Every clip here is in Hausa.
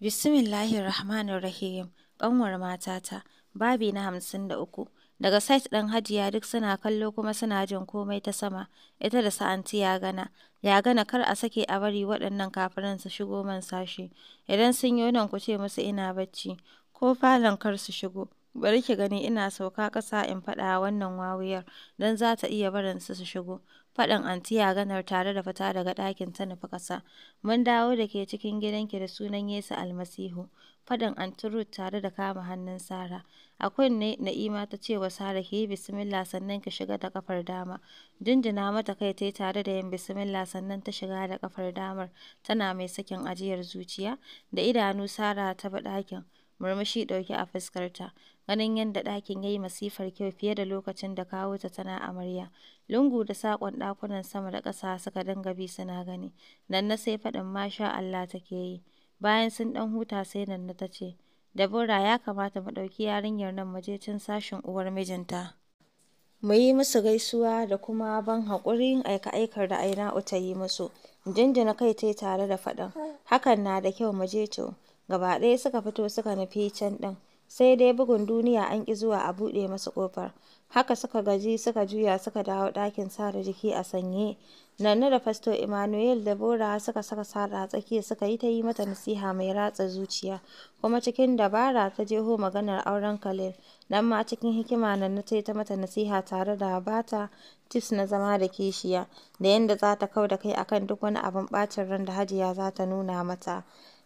rahim Ƙanwar matata, babi na hamsin da uku, daga site ɗin Hajiya duk suna kallo kuma suna jin komai ta sama, ita da ya gana, ya gana kar a sake a bari waɗannan kafiran su shigo man sashi. Idan sun yi nan ku ce musu ina bacci, ko falon kar su shigo. Bari ki gani ina sauka ƙasa in faɗa wannan wawuyar, don za ta iya barin su su shigo. faɗin Aunty ganar tare da fita daga ɗakin ta nufi ƙasa. “Mun dawo da ke cikin gidanki da sunan Yesu Almasihu,” faɗin Aunty Ruth tare da kama hannun sara akwai Na'ima ta cewa sara Sarah, “Ki yi bismillah sannan ki shiga da kafar dama.” Jinjina mata kai tai tare da yin bismillah sannan ta shiga da kafar damar, tana mai sakin ajiyar zuciya. Da idanu sara ta bi ɗakin, murmushi ɗauke a fuskarta. ganin yadda ɗakin ya yi masifar kyau fiye da lokacin da kawo ta tana amarya. Lungu da saƙon ɗakunan sama da ƙasa suka dinga bi suna gani, nan na sai faɗin masha Allah take yi. Bayan sun ɗan huta sai Nanna ta ce, Dabura ya kamata mu ɗauki yarinyar nan mu je can sashin uwar mijinta. Mu yi musu gaisuwa da kuma ban haƙuri aika-aikar da aina ta yi musu. Jinjina kai tai tare da faɗin, hakan na da kyau mu je to. Gaba ɗaya suka fito suka nufi can ɗin. sai dai bugun duniya an ƙi zuwa a buɗe masa ƙofar. Haka suka gaji suka juya suka dawo ɗakin sada jiki a sanye. nannu da Fasto Emmanuel da Bora suka saka Sara a tsakiya suka yi ta yi mata nasiha mai ratsa zuciya, kuma cikin dabara ta jeho maganar auren Khalil. Nan ma cikin hikima Nanne ta yi ta mata nasiha tare da bata tips na zama da kishiya, da yadda za ta kau da kai akan duk wani abin ɓacin ran da Hajiya za ta nuna mata.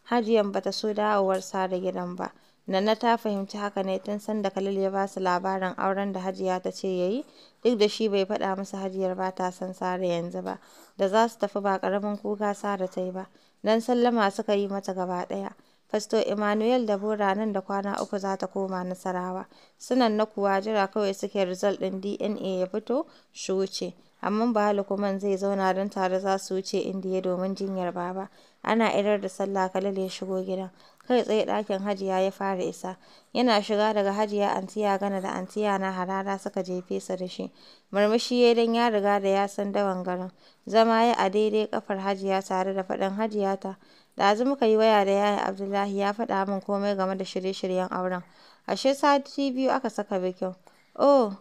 Hajiyan bata so dawowar Sara gidan ba. Nana ta fahimci haka ne tun sanda Khalil ya ba su labarin auren da Hajiya ta ce ya yi, duk da shi bai faɗa musu Hajiyar ba ta son Sare yanzu ba, da za su tafi ba ƙaramin kuka Sare ta yi ba, don sallama suka yi mata gaba ɗaya. Fasto Emmanuel da Bora nan da kwana uku za ta koma Nasarawa, sunan na kuwa jira kawai suke result ɗin DNA ya fito, shuce amma hali kuma zai zauna don tare za su wuce Indiya domin jinyar Baba. Ana idar da sallah kalal ya shigo gidan. Kai tsaye dakin Hajiya ya fara isa. Yana shiga daga Hajiya antiya Gana da antiya na harara suka jefe sa da shi. Murmushi ya dan ya riga da ya san dawan garin. Zama ya a daidai kafar Hajiya tare da faɗin Hajiya ta. Ɗazu muka yi waya da yaya Abdullahi ya faɗa min komai game da shirye-shiryen auren. Ashe sati biyu aka saka bikin. Oh!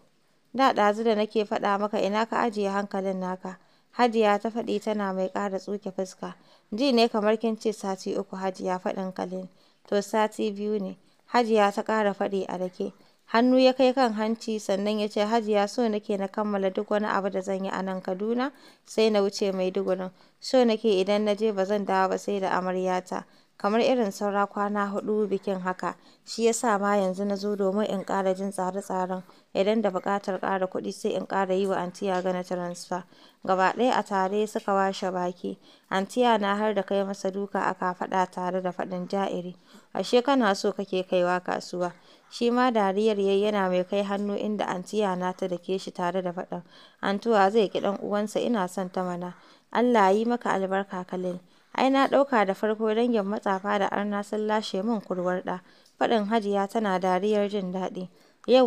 Da ɗazu da nake faɗa maka ina ka ajiye hankalin naka, Hajiya ta faɗi tana mai ƙara tsuke fuska. Ji ne kamar kin ce sati uku Hajiya faɗin kalin, To sati biyu ne. Hajiya ta ƙara faɗi a rake. Hannu ya kai kan hanci sannan ya ce Hajiya so nake na kammala duk wani abu da zan yi a nan Kaduna sai na wuce mai Maiduguri. So nake idan na je ba zan dawo ba sai da amaryata. kamar irin saura kwana hudu bikin haka, shi ya sa ma yanzu na zo domin in ƙara jin tsare-tsaren, idan da buƙatar ƙara kuɗi sai in ƙara yi wa ga na tiransifa. Gaba ɗaya a tare suka washe baki, Antiya na har da kai masa duka a kafaɗa tare da faɗin ja'iri, ashe kana so kake kaiwa kasuwa. Shi ma dariyar yayi yana mai kai hannu inda antiya na ta dake shi tare da faɗin, antuwa zai ki ɗan uwansa ina son ta mana, Allah a yi maka albarka Khalil. Ai na ɗauka da farko dangin matsafa da arna sun lashe kurwar ɗa. faɗin Hajiya tana dariyar jin daɗi.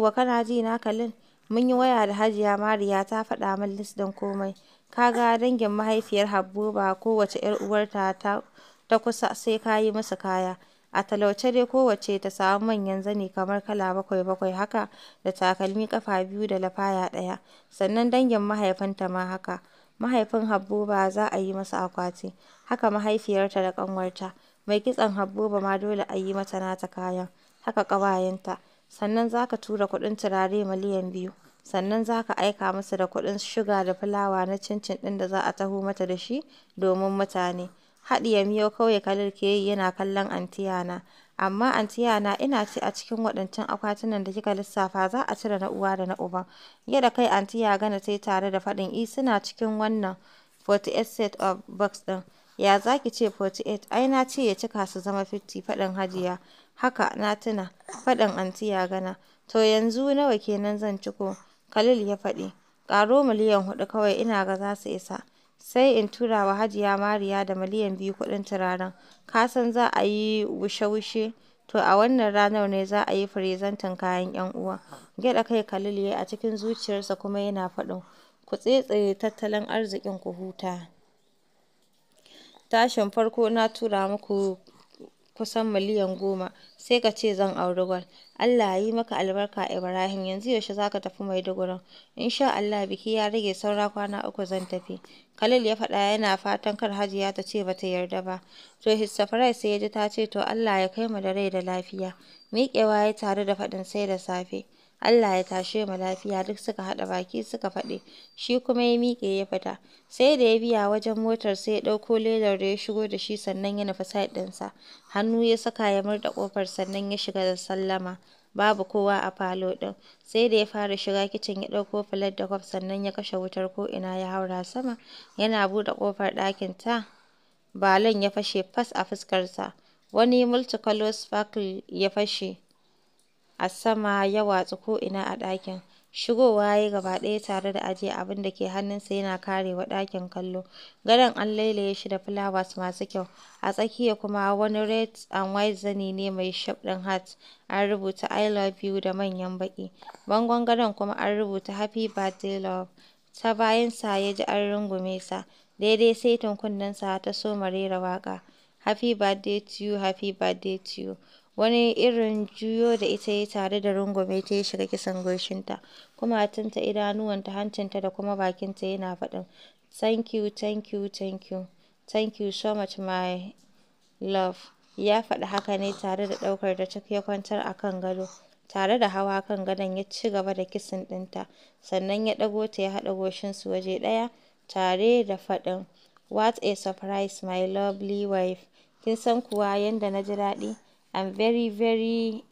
wa kana ji na kalin mun yi waya da Hajiya Mariya ta faɗa min list ɗin komai. Ka ga dangin mahaifiyar Habbu ba kowace 'yar uwarta ta kusa sai ka yi musu kaya. A talauce dai kowace ta samu manyan zani kamar kala bakwai-bakwai haka da takalmi kafa biyu da lafaya ɗaya, sannan dangin mahaifinta ma haka. Mahaifin Habbuba za a yi masa akwati, haka mahaifiyarta da ƙanwarta, mai kitson Habbuba ma dole a yi mata nata kayan, haka ƙawayenta, sannan za ka tura kuɗin turare miliyan biyu, sannan za ka aika masa da kuɗin shuga da fulawa na cincin ɗin da za a taho mata da shi domin mutane. Haɗiye miyau kawai kalar ke yi yana kallon antiyana. Amma anti Yana ina ce a cikin waɗancan akwatunan da kika lissafa za a cire na uwa da na uban. ya da kai anti ya ta sai tare da faɗin “E, suna cikin wannan 48 set of box ɗin. Ya zaki ce 48, ai na ce ya cika su zama 50,” faɗin Hajiya. “Haka, na tuna,” faɗin ya gana “To yanzu nawa kenan zan ciko?” Khalil ya faɗi. “Ƙaro miliyan huɗu kawai ina ga za su isa.” Sai in tura wa Hajiya Mariya da miliyan biyu kuɗin turaren, ka san za a yi wushe-wushe, to a wannan ranar ne za a yi firizantan kayan 'yan uwa, gyaɗa kai Khalil ya a cikin zuciyarsa kuma yana faɗin, ku tsetseye tattalin arzikin ku huta, tashin farko na tura muku kusan miliyan goma, sai ka ce zan auri gwal. Allah ya yi maka albarka Ibrahim, yanzu yaushe za ka tafi Maidugurin? In sha Allah biki ya rage saura kwana uku zan tafi. Khalil ya faɗa yana fatan kar Hajiya ta ce bata yarda ba. To Hissafrai sai ya ji ta ce to Allah ya kai mu da rai da lafiya. Miƙewa ya tare da faɗin sai da safe. Allah ya tashe mu lafiya duk suka haɗa baki suka faɗi shi kuma ya miƙe ya fita sai da ya biya wajen motar sai ya ɗauko ledar da ya shigo da shi sannan ya nufi side ɗinsa hannu ya saka ya murda ƙofar sannan ya shiga da sallama babu kowa a falo ɗin sai da ya fara shiga kicin ya ɗauko filet da kwaf sannan ya kashe wutar ko ina ya haura sama yana buɗe ƙofar ɗakin ta balon ya fashe fas a fuskarsa wani multicolor sparkle ya fashe a sama ya watsu ko'ina a ɗakin. Shigowa ya yi gaba ɗaya tare da ajiye abin da ke hannunsa yana kare wa ɗakin kallo. Gadon an lailaye shi da flowers masu kyau, a tsakiya kuma wani red and white zane ne mai shaɗin ɗin an rubuta "I love you" da manyan baƙi. Bangon gadon kuma an rubuta "Happy Birthday Love." Ta bayansa ya ji an rungume sa, daidai saitin kunnensa ta soma rera waƙa "Happy Birthday to you, happy birthday to you." Wani irin juyo da ita ya yi tare da rungume ta yi shiga kisan goshinta, kumatunta, idanuwanta, hancinta da kuma bakinta yana faɗin "Thank you, thank you, thank you, thank you so much my love," ya faɗi haka ne tare da ɗaukar ta cak kwantar a kan gado, tare da hawa kan gadon ya ci gaba da kisan ɗinta, sannan ya ɗago ta ya haɗa goshinsu waje ɗaya tare da faɗin "What a surprise my lovely wife, kin san kuwa yadda na ji daɗi?" I'm very very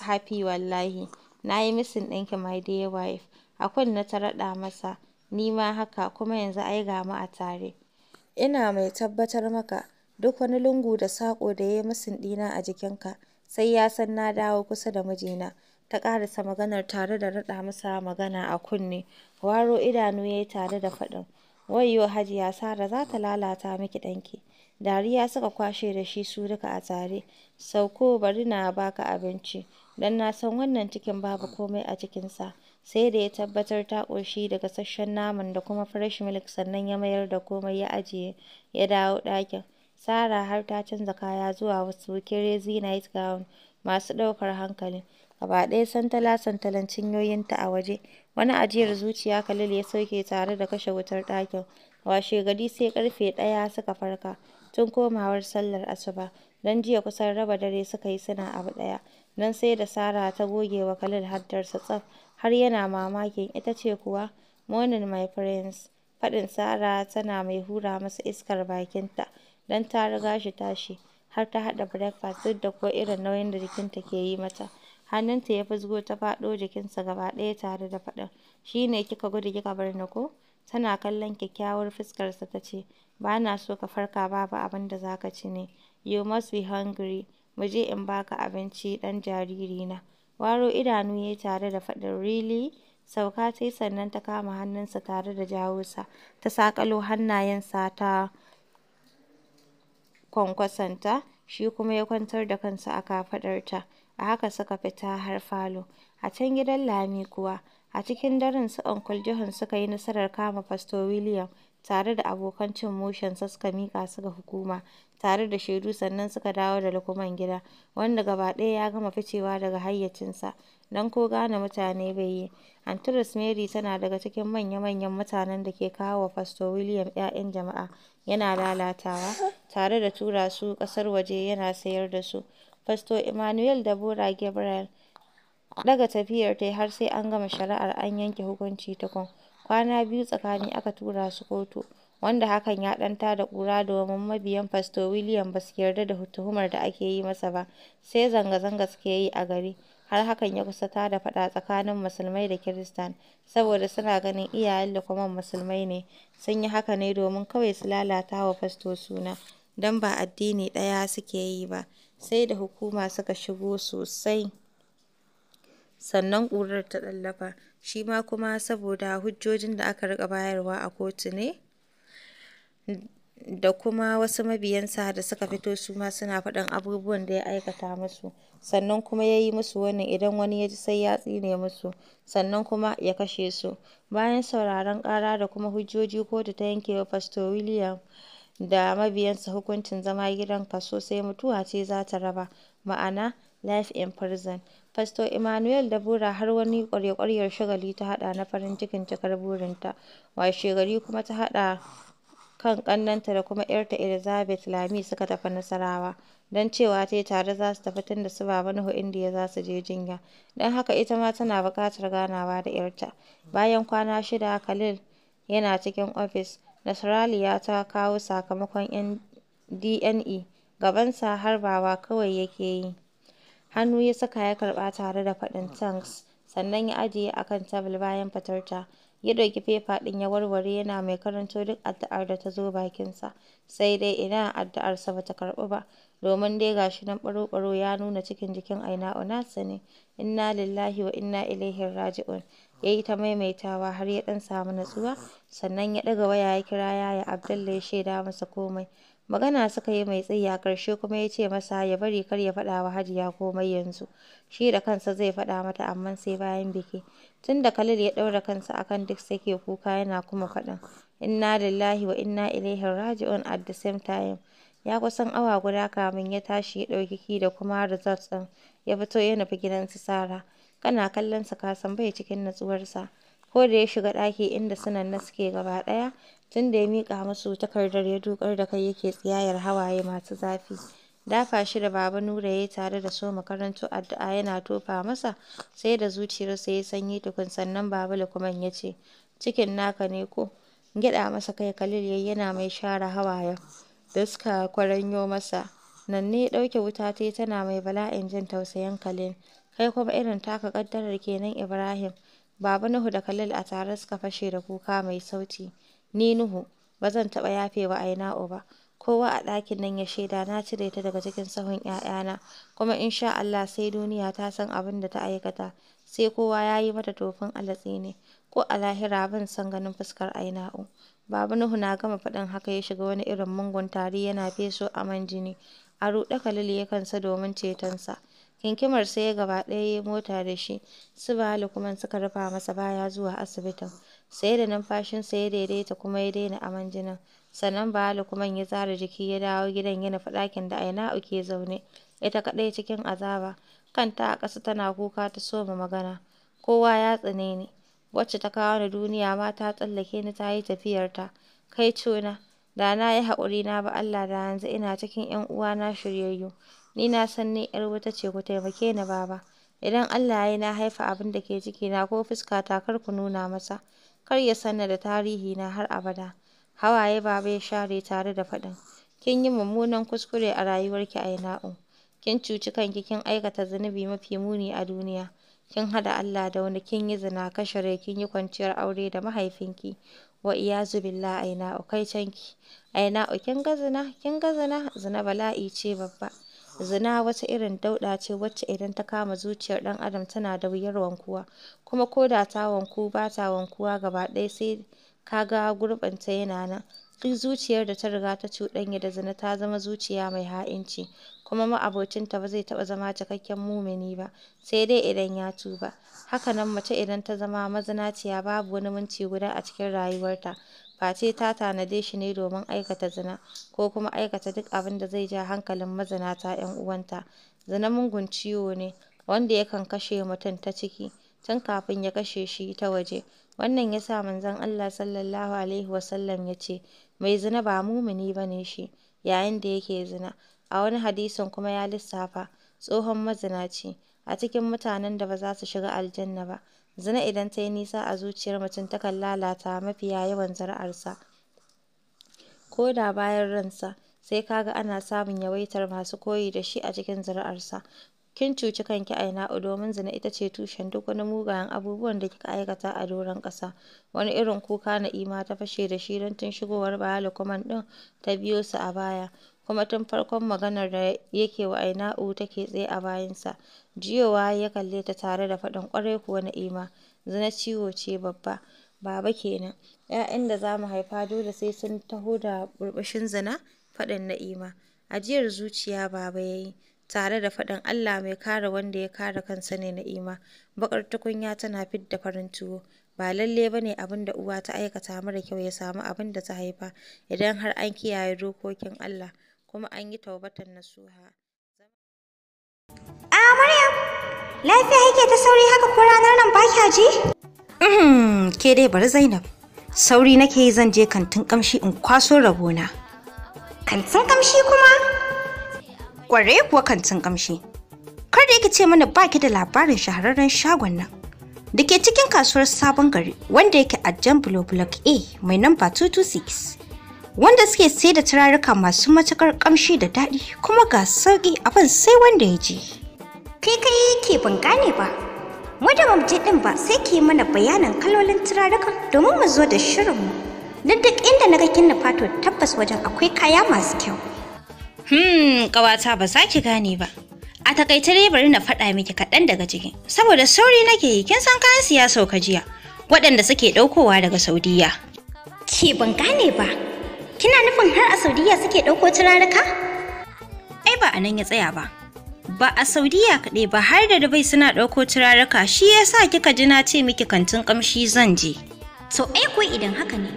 happy wallahi. Na yi missing ɗinki my dear wife. A kunne ta raɗa masa, ni ma haka kuma yanzu ai ga mu a tare. Ina mai tabbatar maka, duk wani lungu da saƙo da ya yi missing ɗina a jikinka, sai ya san na dawo kusa da mijina. Ta ƙarasa maganar tare da raɗa masa magana a kunne. Waro idanu ya yi tare da faɗin. Wayyo Hajiya Sara za ta lalata miki danki. Dariya suka kwashe da shi su duka a tare. Sauko bari na baka abinci, Dan na san wannan cikin babu komai a cikinsa. Sai da ya tabbatar ta ƙoshi daga sashen naman da kuma fresh milk sannan ya mayar da komai ya ajiye ya dawo ɗakin. Sara har ta canza kaya zuwa wasu crazy night gown masu ɗaukar hankali. Gaba ɗaya santala-santalan cinyoyinta a waje. Wani ajiyar zuciya Khalil ya sauke tare da kashe wutar ɗakin. Washe, Washegari sai karfe ɗaya suka farka, tun komawar sallar asuba, don jiya kusan raba dare suka yi suna abu ɗaya, don sai da Sara ta goge wa Khalil haddarsa tsaf, har yana mamakin ita ce kuwa, Morning my friends, faɗin Sara tana mai hura masa iskar bakinta, don ta riga shi tashi, har ta haɗa breakfast duk da ko irin nauyin da jikinta ke yi mata. Hannunta ya fizgo ta faɗo jikinsa gaba ɗaya tare da faɗin, “Shi ne kika gudu kika bar ni ko?” Tana kallon kyakkyawar fuskarsa ta ce, “Ba na so ka farka babu abin da za ka ci ne, you must be hungry, mu je in baka ka abinci ɗan jaririna.” Waro idanu ya tare da faɗin, “Really?” Sauka ta sannan ta kama hannunsa tare da jawo sa, ta saƙalo hannayensa ta kwankwasanta shi kuma ya kwantar da kansa a kafaɗarta. A haka suka fita har falo. A can gidan Lami kuwa, a cikin daren su Uncle John suka yi nasarar kama Pastor William tare da abokan cin mushensa suka miƙa su ga hukuma tare da shaidu sannan suka dawo da Lukman gida, wanda gaba ɗaya ya gama ficewa daga hayyacinsa don ko gane mutane bai yi. Antares Mary tana daga cikin manya-manyan mutanen da ke kawo wa Pastor William ‘ya'yan jama'a yana lalatawa, tare da tura su ƙasar waje yana sayar da su. Fasto Emmanuel Deborah Gabriel ɗaga tafiyar ta har sai an gama shari'ar an yanke hukunci ta tukun, kwana biyu tsakani aka tura su kotu, wanda hakan ya ɗan tada ƙura domin mabiyan Fasto William ba su yarda da tuhumar da ake yi masa ba, sai zanga-zanga suke yi a gari, har hakan ya kusa ta da faɗa tsakanin Musulmai da Kiristan, saboda suna ganin iyayen kuma Musulmai ne, sun yi haka ne domin kawai su lalata wa Fasto suna, don ba addini ɗaya suke yi ba. sai da hukuma suka shigo sosai sannan ƙurar ta tsallaka, shi ma kuma saboda hujjojin da aka riƙa bayarwa a kotu ne da kuma wasu mabiyansa da suka fito su ma suna faɗin abubuwan da ya aikata musu sannan kuma ya yi musu wannan idan wani ya ji sai ya tsine musu sannan kuma ya kashe su bayan sauraron ƙara da kuma hujjoji kotu ta yanke wa Fasto William da mabiyansa hukuncin zama gidan kaso sai mutuwa ce za ta raba, ma'ana “life in prison.” pastor Emmanuel bura har wani ƙwarya kwaryar shagali ta hada na farin cikin cikar burinta, washegari kuma ta hada kan ƙannanta da kuma ‘yarta Elizabeth Lami suka tafi Nasarawa, don cewa ta yi tare za su tafi tun da su ba Baba da ya za su je jinya, don haka ita ma tana buƙatar ganawa da ‘yarta. Bayan kwana shida, Khalil yana cikin ofis, Nasrallah ta kawo sakamakon DNA gabansa, harbawa kawai yake yi, hannu ya saka ya karɓa tare da faɗin tanks sannan ya ajiye a kan tebur bayan fitarta, ya ɗauki fefa ɗin ya warware yana mai karanto duk addu'ar da ta zo bakinsa, sai dai ina addu'arsa ba ta karɓu ba, domin dai ga shi nan ɓaro-ɓaro ya nuna cikin jikin Aina ne inna lillahi wa inna ilaihi raji'un. ya yi ta maimaitawa har ya ɗan samu natsuwa, sannan ya ɗaga waya ya kira Yaya abdulla ya shaida masa komai. Magana suka yi mai tsayi a ƙarshe kuma ya ce masa ya bari kar ya faɗa wa Hajiya komai yanzu, shi da kansa zai faɗa mata amma sai bayan biki. Tunda Khalil ya ɗaura kansa akan duk sake kuka yana kuma faɗin inna lillahi wa inna ilaihi raji'un at the same time. Ya kusan awa guda kamin ya tashi ya ɗauki ki da kuma results ɗin ya fito ya nufi gidan su Sara. kana kallonsa ka san bai cikin natsuwarsa. Ko da ya shiga daki inda na suke gaba ɗaya, tun da ya mika musu takardar ya dukar da kai yake tsiyayar hawaye masu zafi. Dafa shi da Baba Nura yayi tare da so makarantu addu'a yana tofa masa, sai da zuciyarsa ya yi sanyi tukun sannan Baba Lukman ya ce, Cikin naka ne ko? Gyaɗa masa kai kalil yayi yana mai share hawaye. da suka kwaranyo masa. Nan ne ɗauke wuta tai tana mai bala'in jin tausayin Kalin. Kai kuma irin taka kaddarar kenan Ibrahim. Baba Nuhu da Khalil a tare suka fashe da kuka mai sauti. Ni Nuhu, ba zan taɓa yafe wa aina ba. Kowa a ɗakin nan ya shaida na cire ta daga cikin sahun ‘ya'yana, kuma in sha Allah sai duniya ta san abin da ta aikata, sai kowa ya yi mata tofin alatsi ne, ko a lahira ban san ganin fuskar Aina'u. Baba Nuhu na gama faɗin haka ya shiga wani irin mungun tari yana feso aman jini. A ruɗe Khalil ya kansa domin cetonsa. Kinkimar sai gaba ɗaya ya mota da shi, su Bahalo kuma suka rufa masa baya zuwa asibitin, sai da numfashinsa ya daidaita kuma ya daina aman jinin, sannan Bahalo kuma ya zara jiki ya dawo gidan ya nufi ɗakin da aina uke zaune, ita kaɗai cikin azaba, kanta a ƙasa tana kuka ta soma magana, kowa ya tsane ni, wacce ta kawo ni duniya ma ta tsallake ni ta yi tafiyarta, Kai cona da na yi haƙuri na ba Allah da yanzu ina cikin 'yan uwana shiryayyu. Ni na san ni 'yar wuta ce, ku taimake ni Baba. Idan Allah ya yi na haifa abin da ke na ko fuska ta kar ku nuna masa, kar ya sanna da tarihi na har abada. Hawaye Baba ya share tare da faɗin, kin yi mummunan kuskure a rayuwarki a U. Kin cuci kanki kin aikata zunubi mafi muni a duniya. Kin haɗa Allah da wani, kin yi zina, kashe rai, kin yi kwanciyar aure da mahaifinki. iyazu billahi Aina'u, kaitonki. U kin ga zina, kin ga zina, zina bala'i ce babba. Zina wata irin dauɗa ce wacce idan ta kama zuciyar ɗan adam tana da wuyar wankuwa, kuma ko da ta wanku ba ta wankuwa gaba ɗaya sai ka ga yana nan. Duk zuciyar da ta riga ta cuɗanya da zina ta zama zuciya mai ha'inci, kuma ma'abocinta ba zai taɓa zama cikakken mumini ba, sai dai idan ya tuba. Haka nan mace idan ta zama mazinaciya babu wani minti guda a cikin rayuwarta face ta tanade shi ne domin aikata zina ko kuma aikata duk abin da zai ja hankalin mazinata ‘yan uwanta. Zina mungun ciwo ne wanda yakan kashe mutum ta ciki tun kafin ya kashe shi ta waje. Wannan ya sa Manzon Allah Sallallahu Alaihi Wasallam ya ce, Mai zina ba mumini ba ne shi yayin da yake zina. A wani hadisin kuma ya lissafa tsohon mazinaci a cikin mutanen da ba za su shiga aljanna ba. Zina idan ta yi nisa a zuciyar mutum takan lalata mafiya yawan zuri'arsa ko da bayan ransa, sai ka ga ana samun yawaitar masu koyi da shi a cikin zuri'arsa. Kin cuci kanki Aina'u domin zina ita ce tushen duk wani mugayen abubuwan da kika aikata a doron ƙasa. Wani irin kuka Na'ima ta fashe da shi don tun shigowar Bala Lukman ɗin ta biyo su a baya. kuma tun farkon maganar da yake wa Aina'u take tsaye a bayansa, jiyowa ya kalle ta tare da faɗin “Ƙwarai kuwa Na'ima, zina ciwo ce babba, Baba kenan. ‘ya'yan da za mu haifa dole sai sun taho da burbushin zina,” faɗin Na'ima. Ajiyar zuciya Baba ya yi, tare da faɗin “Allah mai kare wanda ya kare kansa ne Na'ima, baƙar tukunya tana fidda farin tuwo, ba lalle ba ne abin da uwa ta aikata mara kyau ya samu abin da ta haifa, idan har an kiyaye dokokin Allah.” kuma an yi taubatan nasuha a maryam lafiya yake ta sauri haka ko ranar nan ba kya ji uhm, ke dai bari zainab sauri nake yi zan je kantin kamshi in kwaso rabona kantin kamshi kuma kware kuwa kantin kamshi kar da yake ce mana ki da labarin shahararren shagon nan da ke cikin kasuwar sabon gari wanda yake a jan block a mai namba 226 wanda suke sai da turaruka masu matukar kamshi da daɗi kuma ga sauƙi abin sai wanda ya je. Kai kai ke ban gane ba, wadda mamje ɗin ba sai ke mana bayanan kalolin turarukan domin mu zo da shirinmu. Don duk inda na ga kin fato tabbas wajen akwai kaya masu kyau. Hmm, ƙawata ba za ki gane ba. A takaice dai bari na faɗa miki kaɗan daga cikin, saboda sauri nake yi kin san kayan siya sauka jiya, waɗanda suke ɗaukowa daga Saudiya. Ke ban gane ba, Kina nufin har a Saudiya suke ɗauko turaruka? Ai ba a nan ya tsaya ba. Ba a Saudiya kaɗai ba har da Dubai suna ɗauko turaruka shi ya sa kika ji na ce miki kantin ƙamshi zan je. To ai ko idan haka ne,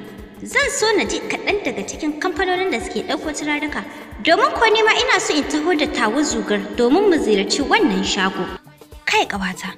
zan so na ji kaɗan daga cikin kamfanonin da suke ɗauko turaruka domin ko nima ina so in taho da tawo zugar domin mu ziyarci wannan shago. Kai ƙabata.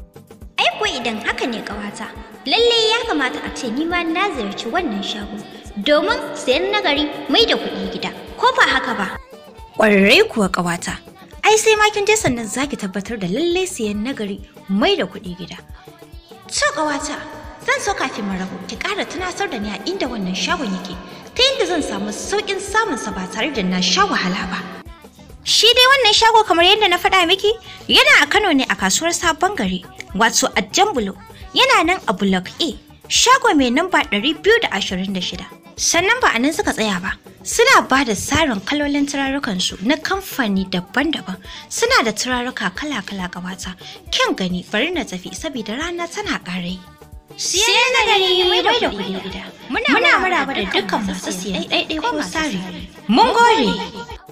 idan haka ne kawata lalle ya kamata a ce nima na ziyarci wannan shago domin sayan nagari mai da kuɗi gida ko ba haka ba ƙwararre kuwa ƙawata ai sai ma kin je sannan zaki tabbatar da lalle sayan nagari mai da kuɗi gida to ƙawata zan so kafin mu rabu ki ƙara tunasar da ni a inda wannan shagon yake ta yadda zan samu sauƙin samunsa ba tare da na sha wahala ba Shi dai wannan shago kamar yadda na faɗa miki yana a Kano ne a kasuwar sabon gari wato a Jambulo yana nan a Block A shago mai namba 226. Sannan ba a nan suka tsaya ba, suna ba da tsarin kalolin turarukansu na kamfani daban-daban suna da turaruka kala-kala gabata kyan gani bari na tafi saboda rana tana ƙarai. Siyan na gani yi da kuɗi gida, muna ba da dukkan masu siyan ɗaiɗai ko tsari. Mun gore!